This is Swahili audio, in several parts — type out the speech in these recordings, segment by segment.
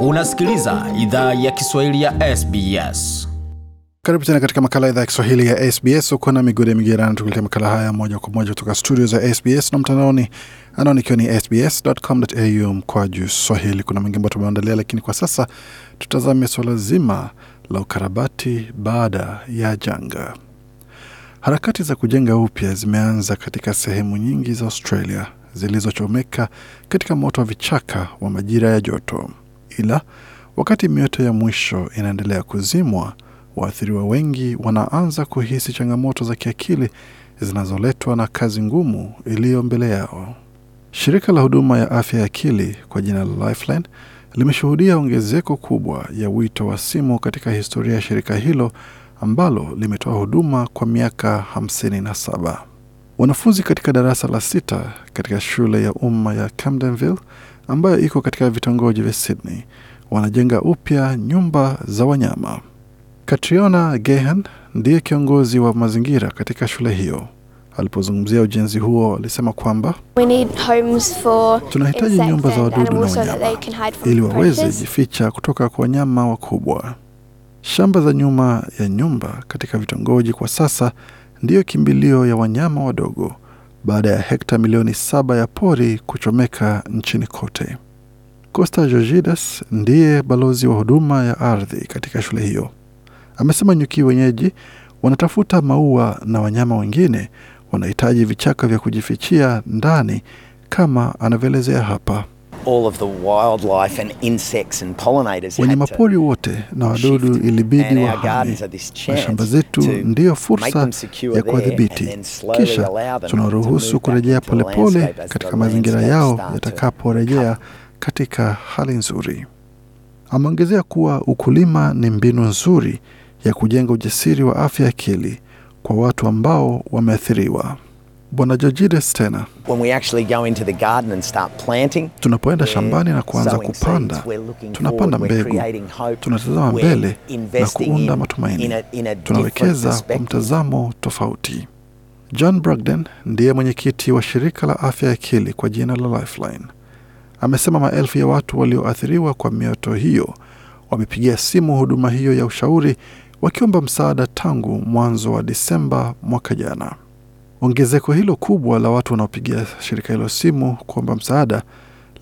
Unasikiliza idhaa ya Kiswahili ya SBS. Karibu tena katika makala idhaa ya Kiswahili ya SBS. Uko na migode migerano, tukuletea makala haya moja kwa moja kutoka studio za SBS na mtandaoni, anaoni ikiwa ni sbs.com.au juu swahili. Kuna mengi ambayo tumeandalia, lakini kwa sasa tutazame swala zima la ukarabati baada ya janga. Harakati za kujenga upya zimeanza katika sehemu nyingi za Australia zilizochomeka katika moto wa vichaka wa majira ya joto ila wakati mioto ya mwisho inaendelea kuzimwa, waathiriwa wengi wanaanza kuhisi changamoto za kiakili zinazoletwa na kazi ngumu iliyo mbele yao. Shirika la huduma ya afya ya akili kwa jina la Lifeline limeshuhudia ongezeko kubwa ya wito wa simu katika historia ya shirika hilo ambalo limetoa huduma kwa miaka 57. Wanafunzi katika darasa la sita katika shule ya umma ya Camdenville ambayo iko katika vitongoji vya Sydney wanajenga upya nyumba za wanyama. Katriona Gehan ndiye kiongozi wa mazingira katika shule hiyo. Alipozungumzia ujenzi huo, alisema kwamba tunahitaji nyumba za wadudu na wanyama ili waweze jificha kutoka kwa wanyama wakubwa. Shamba za nyuma ya nyumba katika vitongoji kwa sasa ndiyo kimbilio ya wanyama wadogo baada ya hekta milioni saba ya pori kuchomeka nchini kote. Costa Georgides ndiye balozi wa huduma ya ardhi katika shule hiyo. Amesema nyuki wenyeji wanatafuta maua na wanyama wengine wanahitaji vichaka vya kujifichia ndani, kama anavyoelezea hapa. Wanyamapori wote na wadudu ilibidi wahame, na shamba zetu ndiyo fursa ya kuwadhibiti, kisha tunaruhusu kurejea polepole katika mazingira yao yatakaporejea katika hali nzuri. Ameongezea kuwa ukulima ni mbinu nzuri ya kujenga ujasiri wa afya akili kwa watu ambao wameathiriwa. Bwana Georgides tena, tunapoenda shambani na kuanza kupanda, tunapanda mbegu, tunatazama mbele na kuunda matumaini, tunawekeza kwa mtazamo tofauti. John Bragden ndiye mwenyekiti wa shirika la afya ya akili kwa jina la Lifeline. Amesema maelfu ya watu walioathiriwa kwa mioto hiyo wamepigia simu huduma hiyo ya ushauri wakiomba msaada tangu mwanzo wa Disemba mwaka jana. Ongezeko hilo kubwa la watu wanaopigia shirika hilo simu kuomba msaada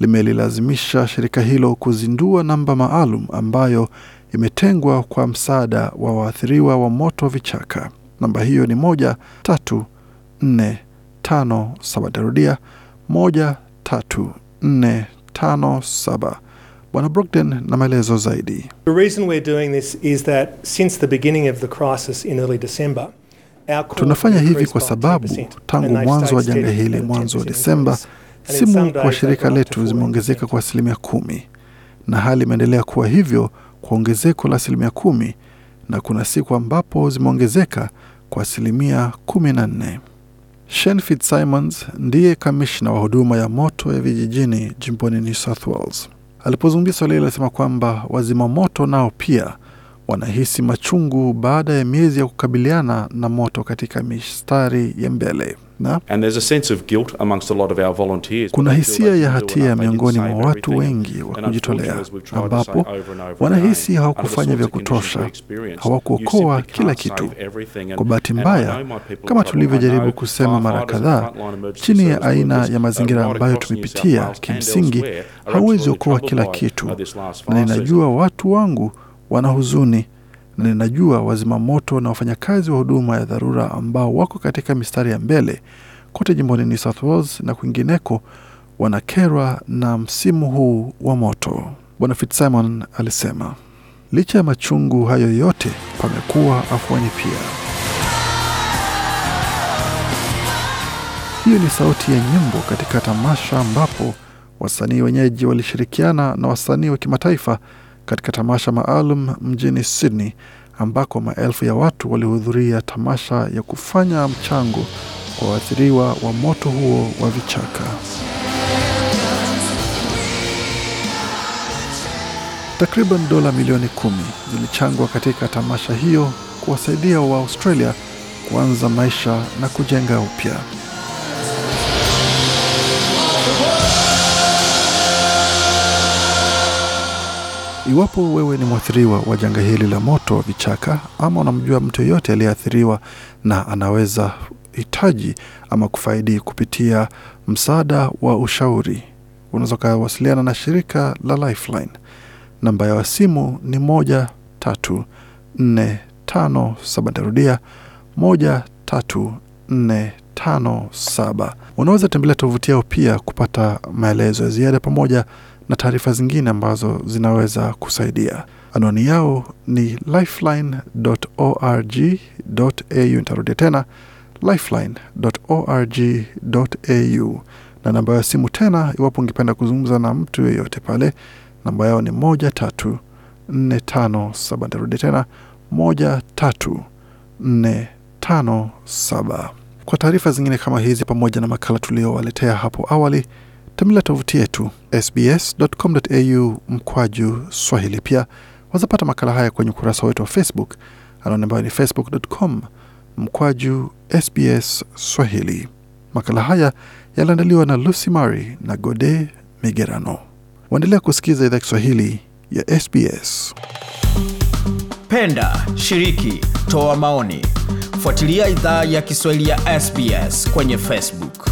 limelilazimisha shirika hilo kuzindua namba maalum ambayo imetengwa kwa msaada wa waathiriwa wa moto vichaka. Namba hiyo ni moja tatu nne tano saba. Tarudia moja tatu nne tano saba. Bwana Brogden na maelezo zaidi. The reason we're doing this is that since the beginning of the crisis in early December Tunafanya hivi kwa sababu tangu mwanzo wa janga hili mwanzo wa Desemba, simu kwa shirika letu zimeongezeka kwa asilimia kumi na hali imeendelea kuwa hivyo kwa ongezeko la asilimia kumi na kuna siku ambapo zimeongezeka kwa asilimia kumi na nne. Shen Fitzsimons ndiye kamishna wa huduma ya moto ya vijijini jimboni New South Wales. Alipozungumzia swali hili, alisema kwamba wazima moto nao pia wanahisi machungu baada ya miezi ya kukabiliana na moto katika mistari ya mbele na kuna hisia ya hatia miongoni mwa watu wengi wa kujitolea, ambapo wanahisi hawakufanya vya kutosha, hawakuokoa kila kitu. Kwa bahati mbaya, kama tulivyojaribu kusema mara kadhaa, chini ya aina ya mazingira ambayo tumepitia, kimsingi hauwezi okoa kila kitu, na ninajua watu wangu wana huzuni, na ninajua wazima moto na wafanyakazi wa huduma ya dharura ambao wako katika mistari ya mbele kote jimboni New South Wales na kwingineko wanakerwa na msimu huu wa moto. Bwana Fitzsimon alisema licha ya machungu hayo yote, pamekuwa afuani pia. Hiyo ni sauti ya nyimbo katika tamasha ambapo wasanii wenyeji walishirikiana na wasanii wa kimataifa katika tamasha maalum mjini Sydney ambako maelfu ya watu walihudhuria tamasha ya kufanya mchango kwa waathiriwa wa moto huo wa vichaka. Takriban dola milioni kumi zilichangwa katika tamasha hiyo kuwasaidia wa australia kuanza maisha na kujenga upya. Iwapo wewe ni mwathiriwa wa janga hili la moto wa vichaka, ama unamjua mtu yeyote aliyeathiriwa na anaweza hitaji ama kufaidi kupitia msaada wa ushauri, unaweza ukawasiliana na shirika la Lifeline. Namba ya simu ni moja tatu nne tano saba. Nitarudia moja tatu nne tano saba. Unaweza tembelea tovuti yao pia kupata maelezo ya ziada pamoja na taarifa zingine ambazo zinaweza kusaidia. Anwani yao ni lifeline.org.au. Nitarudia tena lifeline.org.au, na namba ya simu tena, iwapo ungependa kuzungumza na mtu yeyote pale, namba yao ni moja tatu Nitarudia tena moja kwa taarifa zingine kama hizi pamoja na makala tuliyowaletea hapo awali. Tembelea tovuti yetu sbs.com.au mkwaju swahili. Pia wazapata makala haya kwenye ukurasa wetu wa Facebook anaone ambayo ni facebook.com mkwaju SBS Swahili. Makala haya yaliandaliwa na Lucy Mary na Gode Migerano. Waendelea kusikiza idhaa Kiswahili ya SBS. Penda, shiriki, toa maoni, fuatilia idhaa ya Kiswahili ya SBS kwenye Facebook.